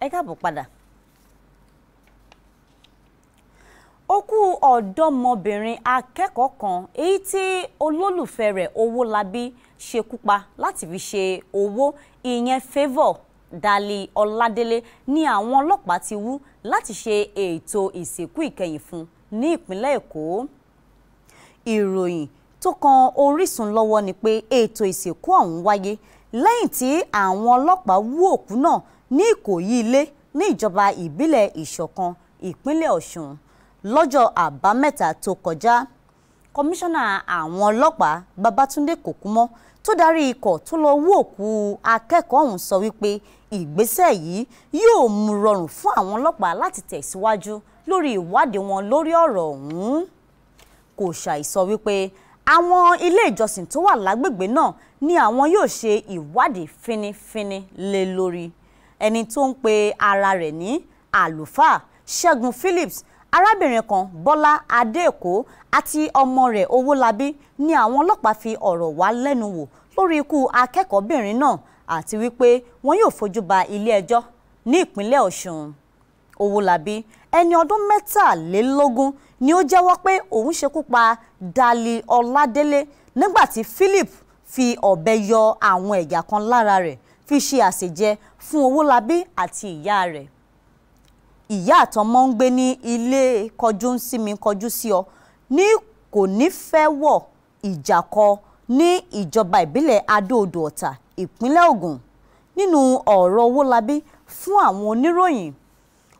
ẹ káàbọ̀ padà. ó kú ọ̀dọ́mọbìnrin akẹ́kọ̀ọ́ kan èyí tí olólùfẹ́ rẹ̀ Owólabí ṣekú pa láti fi ṣe owó ìyẹn favour Dálì Ọládélé ni àwọn ọlọ́pàá ti wú láti ṣe ètò ìsìnkú ìkẹyìn fún ní ìpínlẹ̀ Èkó ìròyìn tó kan Orísun lọ́wọ́ ni pé ètò ìsìnkú ọ̀hún wáyé lẹ́yìn tí àwọn ọlọ́pàá wú òkú náà ní ìkòyí ilé ní ìjọba ìbílẹ̀ ìṣọ̀kan ìpínlẹ̀ ọ̀ṣun lọ́jọ́ àbámẹ́ta tó kọjá kọmíṣánná àwọn ọlọ́pàá babatunde kòkúmọ́ tó darí ikọ̀ tó lọ wú òkú akẹ́kọ̀ọ́ ọ̀hún sọ wípé ìgbésẹ̀ yìí yóò mú rọrùn fún àwọn ọlọ́pàá láti tẹ̀síwájú lórí ìwádìí wọn lórí ọ̀rọ̀ ọ̀hún kò ṣàìsọ wípé àwọn ilé ìjọsìn tó wà lágbègbè náà ni àwọn yóò ṣe ìwádìí finifini lé lórí ẹni tó ń pe ara rẹ̀ ní àlùfáà Ṣẹ́gun Phillips arábìnrin kan Bọ́lá Adéèkó àti ọmọ rẹ̀ Owólabí ni àwọn ọlọ́pàá fi ọ̀rọ̀ wá lẹ́nu wò lórí ikú akẹ́kọ̀ọ́bìnrin náà àti wípé wọn yóò fojú ba ilé-ẹjọ́ ní ìpínlẹ̀ Ọ̀ṣun Owólabí ẹni ọdún mẹ́tàlélógún ni ó jẹ́wọ́ pé òun ṣekú pa Dali Ọládélé nígbà tí Philip fi ọ̀bẹ yọ àwọn ẹ̀yà kan lára rẹ̀ fi ṣe àṣejẹ fún Owólabí àti ìyá rẹ̀ ìyá àtọmọ ń gbé ní ilé kọjú sí mi kọjú sí ọ ní kò ní fẹ́ wọ̀ ìjàkọ ní ìjọba ìbílẹ̀ adóodò ọ̀tà ìpínlẹ̀ Ògùn nínú ọ̀rọ̀ Owólabí fún àwọn oníròyìn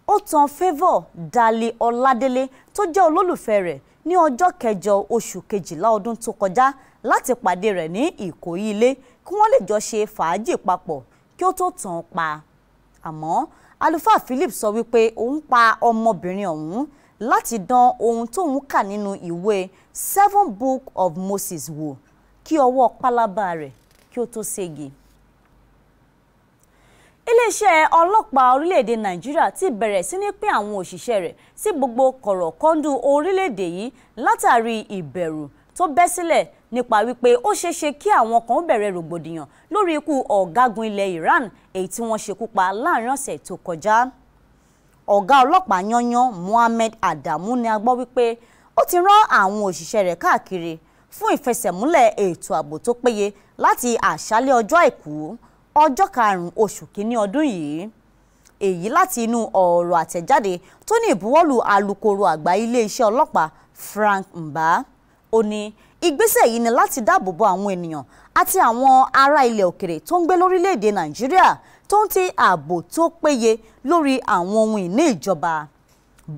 ó tan favour Dálé Ọládélé tó jẹ́ olólùfẹ́ rẹ̀ ní ọjọ́ kẹjọ oṣù kejìlá ọdún tó kọjá láti pàdé rẹ̀ ní Ìkòyí ilé kí wọ́n lè jọ ṣe fàájì papọ̀ kí ó tó tàn pa àmọ́ àlùfáà Philip sọ wípé òun pa ọmọbìnrin ọ̀hún láti dán ohun tóun kà nínú ìwé Seven Book of Moses wò kí ọwọ́ pálábá rẹ̀ kí ó tó ségi iléeṣẹ́ ọlọ́pàá orílẹ̀-èdè nàìjíríà ti bẹ̀rẹ̀ sí ní pín àwọn òṣìṣẹ́ rẹ̀ sí gbogbo kọ̀rọ̀kọ́ndù orílẹ̀-èdè yìí látàrí ìbẹ̀rù tó bẹ́ sílẹ̀ nípa wípé ó ṣeé ṣe kí àwọn kan bẹ̀rẹ̀ rògbòdìyàn lórí ikú ọ̀gágun ilẹ̀ Iran èyí tí wọ́n ṣekú pa láàrin ọ̀sẹ̀ tó kọjá ọ̀gá ọlọ́pàá yanyan Mohammed Adamu ni a gbọ́ wípé ó ti rán àwọn òṣìṣẹ́ rẹ̀ káàkiri fún ìfẹsẹ̀múlẹ̀ ètò ààbò tó péye láti àṣálẹ́ ọjọ́ àìkú ọjọ́ karùn-ún oṣù kínní ọdún yìí èyí láti inú ọ̀rọ̀ àtẹ̀jáde tó ní ìbuwọ́lù alukoro àgbà iléeṣẹ́ ọlọ́pàá Frank Mba ó ní ìgbésẹ̀ yìí ni láti dáàbò bo àwọn ènìyàn àti àwọn ará ilẹ̀ òkèrè tó ń gbé lórílẹ̀‐èdè Nàìjíríà tó ń ti ààbò tó péye lórí àwọn ohun ìní ìjọba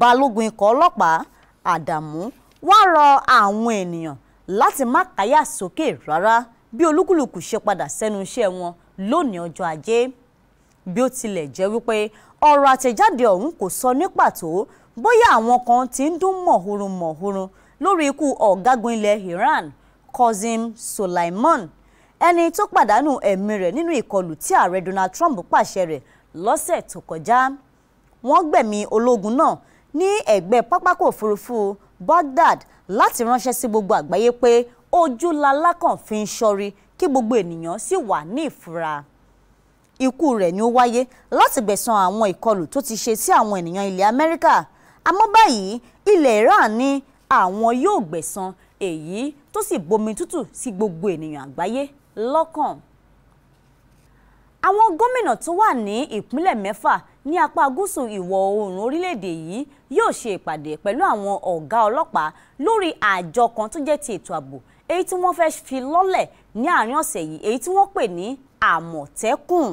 balógun ikọ̀ ọlọ́pàá Àdàmú wá rọ àwọn ènìyàn láti má káyà sókè rárá bí olúkúlùkù ṣe padà sẹ́nu iṣẹ́ wọn lónìí ọjọ́ ajé bí ó tilẹ̀ jẹ́ wípé ọ̀rọ̀ àtẹ̀jáde ọ̀hún kò sọ ní pàtó bóyá àwọn kan ti ń dún mọ̀húrun mọ̀húrun lórí ikú ọ̀gágun ilẹ̀ Iran Qassem Soleimani ẹni tó pàdánù ẹ̀mí rẹ̀ nínú ìkọlù tí ààrẹ Donald Trump pàṣẹ rẹ̀ lọ́sẹ̀ tó kọjá wọ́n gbẹ̀mí ológun náà ní ẹ̀gbẹ́ pápákọ̀ òfurufú Baghdad láti ránṣẹ́ sí gbogbo àgbáyé pé ojú lalákàn fi ń ṣọ́rí kí gbogbo ènìyàn sì wà ní ìfura ikú rẹ̀ ni ó wáyé láti gbẹ̀san àwọn ìkọlù tó ti ṣe sí àwọn ènìyàn ilẹ̀ Amẹ́ríkà àmọ́ báyìí ilẹ̀ Iran ní àwọn yóò gbẹ̀san èyí tó sì bomi tútù sí gbogbo ènìyàn àgbáyé lọ́kàn àwọn gómìnà tó wà ní ìpínlẹ̀ mẹ́fà ní apá gúúsù ìwọ̀ oòrùn orílẹ̀-èdè yìí yóò ṣe ìpàdé pẹ̀lú àwọn ọ̀gá ọlọ́pàá lórí àjọ kan tó jẹ́ ti ètò ààbò èyí tí wọ́n fẹ́ fi lọ́lẹ̀ ní àárín ọ̀sẹ̀ yìí èyí tí wọ́n pè ní àmọ̀tẹ́kùn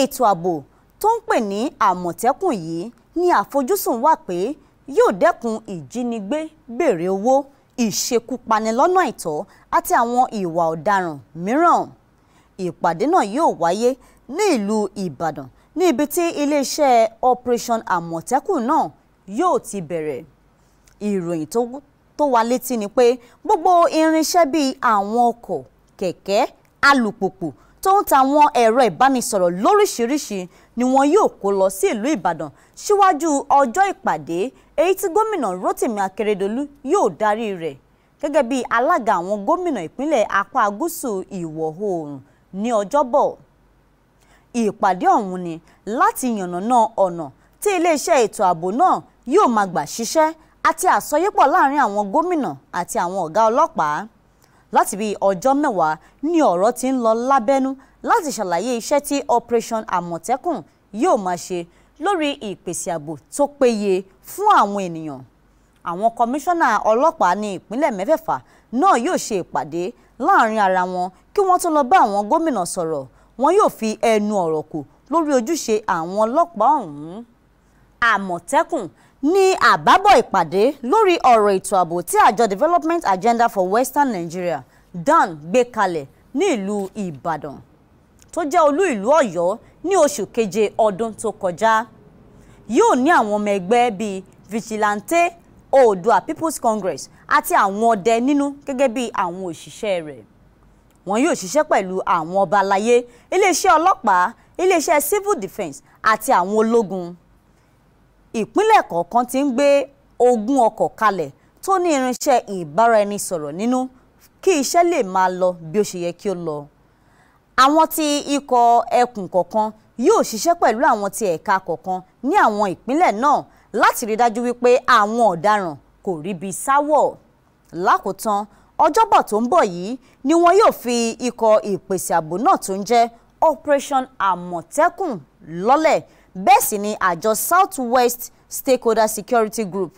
ètò ààbò tó ń pè ní àmọ̀tẹ́kùn yìí ní àfojúsùn wà pé yóò dẹ́kun ìjínigbé béèrè owó ìṣekúpani lọ́nà àìtọ́ àti àwọn ìwà ọ̀daràn mìíràn ìpàdé náà yóò wáyé ní ìlú Ìbàdàn ní ibi tí iléeṣẹ́ Operation Àmọ̀tẹ́kùn náà yóò ti bẹ̀rẹ̀ ìròyìn tó tó wa létí ni pé gbogbo irinṣẹ́ bíi àwọn ọkọ̀ kẹ̀kẹ́ alùpùpù tó ń ta ẹ̀rọ ìbánisọ̀rọ̀ lóríṣìíríṣìí ni wọn yóò kó lọ sí ìlú Ìbàdàn síwájú ọjọ́ ìpàdé èyí tí gómìnà Rotimi Akeredolu yóò darí rẹ̀ gẹ́gẹ́ bí alága àwọn gómìnà ìpínlẹ̀ apá gúúsù ìwọ̀ oòrùn ní ọjọ́bọ̀ ìpàdé ọ̀hún ni láti yànnàná ọ̀nà tí iléeṣẹ́ ètò ààbò náà yóò máa gbà ṣiṣẹ́ àti àsọyépọ̀ láàrin àwọn gómìnà àti àwọn ọ̀gá ọlọ́pàá láti bíi ọjọ́ mẹ́wàá ni ọ̀rọ̀ ti ń lọ lábẹ́nú láti ṣàlàyé iṣẹ́ tí Operation Àmọ̀tẹ́kùn yóò máa ṣe lórí ìpèsè ààbò tó péye fún àwọn ènìyàn àwọn kọmíṣánná ọlọ́pàá ní ìpínlẹ̀ mẹ́fẹ̀ẹ̀fà náà yóò ṣe ìpàdé láàrin ara wọn kí wọ́n tó lọ bá àwọn gómìnà sọ̀rọ̀ wọn yóò fi ẹnu ọ̀rọ̀ kò lórí ojúṣe àwọn ọlọ́pàá ọ̀hún Àmọ̀tẹ́kùn ní àbábọ̀ ìpàdé lórí ọ̀rọ̀ ètò ààbò tí àjọ Development Agenda for Western Nigeria DAN gbé kalẹ̀ ní ìlú Ìbàdàn tó jẹ́ olú ìlú Ọ̀yọ́ ní oṣù keje ọdún tó kọjá yóò ní àwọn ọmọ ẹgbẹ́ bíi Vigilante Oòduà People's Congress àti àwọn ọdẹ nínú gẹ́gẹ́ bí àwọn òṣìṣẹ́ rẹ̀ wọ́n yóò ṣiṣẹ́ pẹ̀lú àwọn ọba aláyé iléeṣẹ́ ọlọ́pàá iléeṣẹ́ civil defence àti àwọn ológun ìpínlẹ̀ kọ̀ọ̀kan ti ń gbé ogún ọkọ̀ kalẹ̀ tó ní irinṣẹ́ ìbáraẹnisọ̀rọ̀ nínú kí iṣẹ́ lè máa lọ bí ó ṣe yẹ kí ó lọ. àwọn ti ikọ̀ ẹkùn kọ̀ọ̀kan yóò ṣiṣẹ́ pẹ̀lú àwọn ti ẹ̀ka kọ̀ọ̀kan ní àwọn ìpínlẹ̀ náà láti rí dájú wípé àwọn ọ̀daràn kò ríbi sáwọ̀. lákòótán ọjọ́bọ̀ tó ń bọ̀ yìí ni wọn yóò fi ikọ̀ ìpèsè ààbò náà tó ń jẹ́ Operation Àmọ̀tẹ́kùn lọ́lẹ̀ bẹ́ẹ̀ sì ni àjọ South West Stakeholder Security Group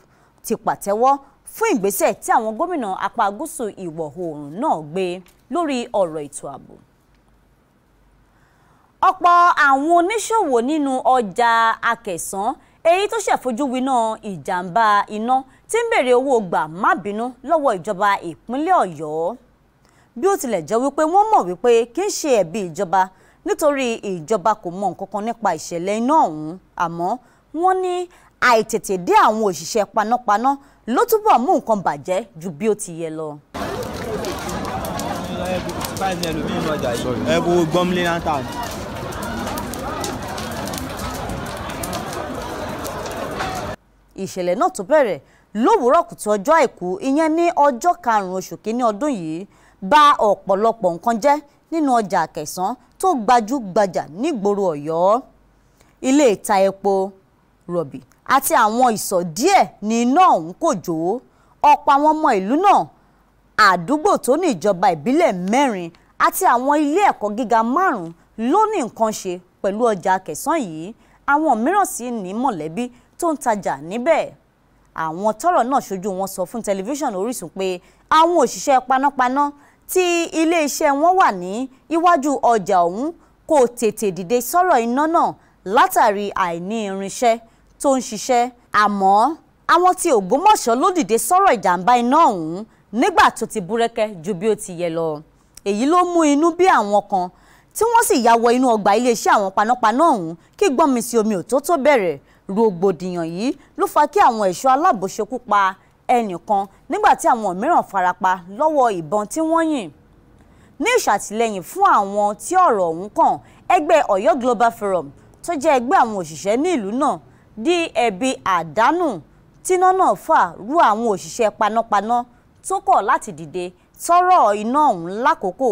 ti pàtẹ́wọ́ fún ìgbésẹ̀ tí àwọn gómìnà apá gúúsù ìwọ̀ oòrùn náà gbé lórí ọ̀rọ̀ ètò ààbò. ọ̀pọ̀ àwọn oníṣòwò nínú ọjà Akẹ̀sán èyí tó ṣàfojúwiná ìjàmbá iná tí ń bèrè owó gbà má bínú lọ́wọ́ ìjọba ìpínlẹ̀ Ọ̀yọ́ bí ó tilẹ̀ jẹ́ wípé wọ́n mọ̀ wípé kì í ṣe ẹ̀bi ìjọba nítorí ìjọba kò mọ nǹkan kan nípa ìṣẹ̀lẹ̀ iná ọ̀hún àmọ́ wọ́n ní àìtètè dé àwọn òṣìṣẹ́ panápaná ló túbọ̀ mú nǹkan bàjẹ́ ju bí ó ti yẹ lọ. ẹ wo gbọ́mlé náà ìṣẹ̀lẹ̀ náà tó bẹ̀rẹ̀ lówùúrọ̀ kùtù ọjọ́ àìkú ìyẹn ní ọjọ́ karùn-ún oṣù kínní ọdún yìí bà ọ̀pọ̀lọpọ̀ nǹkan jẹ́ nínú ọjà Akẹ̀sán tó gbajú-gbajà nígboro Ọ̀yọ́ ilé ìta epo rọ̀bì àti àwọn ìsọ̀ díẹ̀ ní iná ọ̀hún kò jó ọ̀pọ̀ àwọn ọmọ ìlú náà àdúgbò tó ní ìjọba ìbílẹ̀ mẹ́rin àti àwọn ilé ẹ̀kọ́ gíga márùn-ún ló ní nǹkan ṣe pẹ̀lú ọjà Akẹ̀sán yìí àwọn mìíràn sì ní mọ̀lẹ́bí tó ń tajà níbẹ̀ àwọn tọ́rọ̀ náà ṣojú wọn sọ fún tẹlifíṣàn Orísun pé àwọn òṣìṣẹ́ panápaná tí iléeṣẹ́ wọn wà ní iwájú ọjà ọ̀hún kò tètè dìde sọ̀rọ̀ iná náà látàrí àìní irinṣẹ́ tó ń ṣiṣẹ́ àmọ́ àwọn tí Ògbómọ̀ṣọ́ ló dìde sọ̀rọ̀ ìjàmbá iná ọ̀hún nígbà tó ti búrẹ́kẹ́ ju bí ó ti yẹ lọ èyí ló mú inú bí àwọn kan tí wọ́n sì yà wọ inú ọgbà iléeṣẹ́ àwọn panápaná ọ̀hún kí gbọ́nmi sí omi ò bẹ̀rẹ̀ rògbòdìyàn yìí ló fa kí àwọn ẹ̀ṣọ́ aláàbò ṣekú pa ẹnìkan nígbà tí àwọn mìíràn farapa lọ́wọ́ ìbọn tí wọ́n yìn ní ìṣàtìlẹ́yìn fún àwọn tí ọ̀rọ̀ ọ̀hún kàn ẹgbẹ́ Ọ̀yọ́ Global Forum tó jẹ́ ẹgbẹ́ àwọn òṣìṣẹ́ ní ìlú náà di ẹ̀bi àdánù tíná náà fà rú àwọn òṣìṣẹ́ panápaná tó kọ̀ láti dìde tọ́rọ̀ iná ọ̀hún lákòókò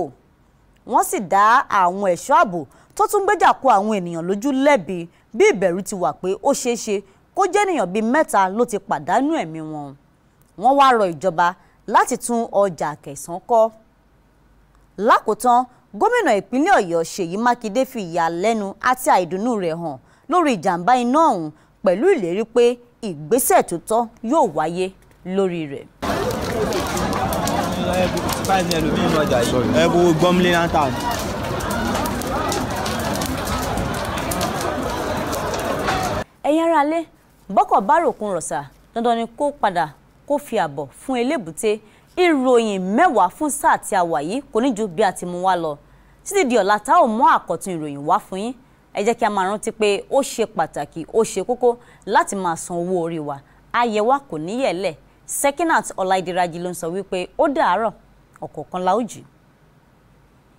wọ́n sì dá àwọn ẹ̀ṣọ́ ààbò tó tún gbéjà kó àwọn ènìyàn lójú lẹ́bi bí ìbẹ̀rù ti wà pé ó ṣeé ṣe kó jẹ́ ènìyàn bíi mẹ́ta ló ti pàdánù ẹ̀mí wọn wọ́n wá rọ ìjọba láti tún ọjà Akẹ̀sán kọ́ lákòótán gómìnà ìpínlẹ̀ Ọ̀yọ́ Ṣèyí Mákindé fi ìyàlẹ́nu àti àìdùnnú rẹ̀ hàn lórí ìjàmbá iná ọ̀hún pẹ̀lú ìlérí pé ìgbésẹ̀ tó tọ́ yóò wáyé lórí rẹ̀. ẹ wo gbọ́mlé náà tà ní. ẹ̀yin aráalé bọ́kọ̀ bá ròkun rọ̀ṣà dandan ni kó padà kó fi àbọ̀ fún elébùté ìròyìn mẹ́wàá fún sáà tí a wà yìí kò ní ju bí a ti mú wá lọ títí di ọ̀la tá ò mú àkọ́tún ìròyìn wá fún yín ẹ jẹ́ kí a máa rántí pé ó ṣe pàtàkì ó ṣe kókó láti máa san owó orí wa ayé wa kò níyẹ̀lẹ̀ Sekinat Ọláìdíraji ló ń sọ wípé ó dàárọ̀ ọ̀kọ̀ọ̀kan la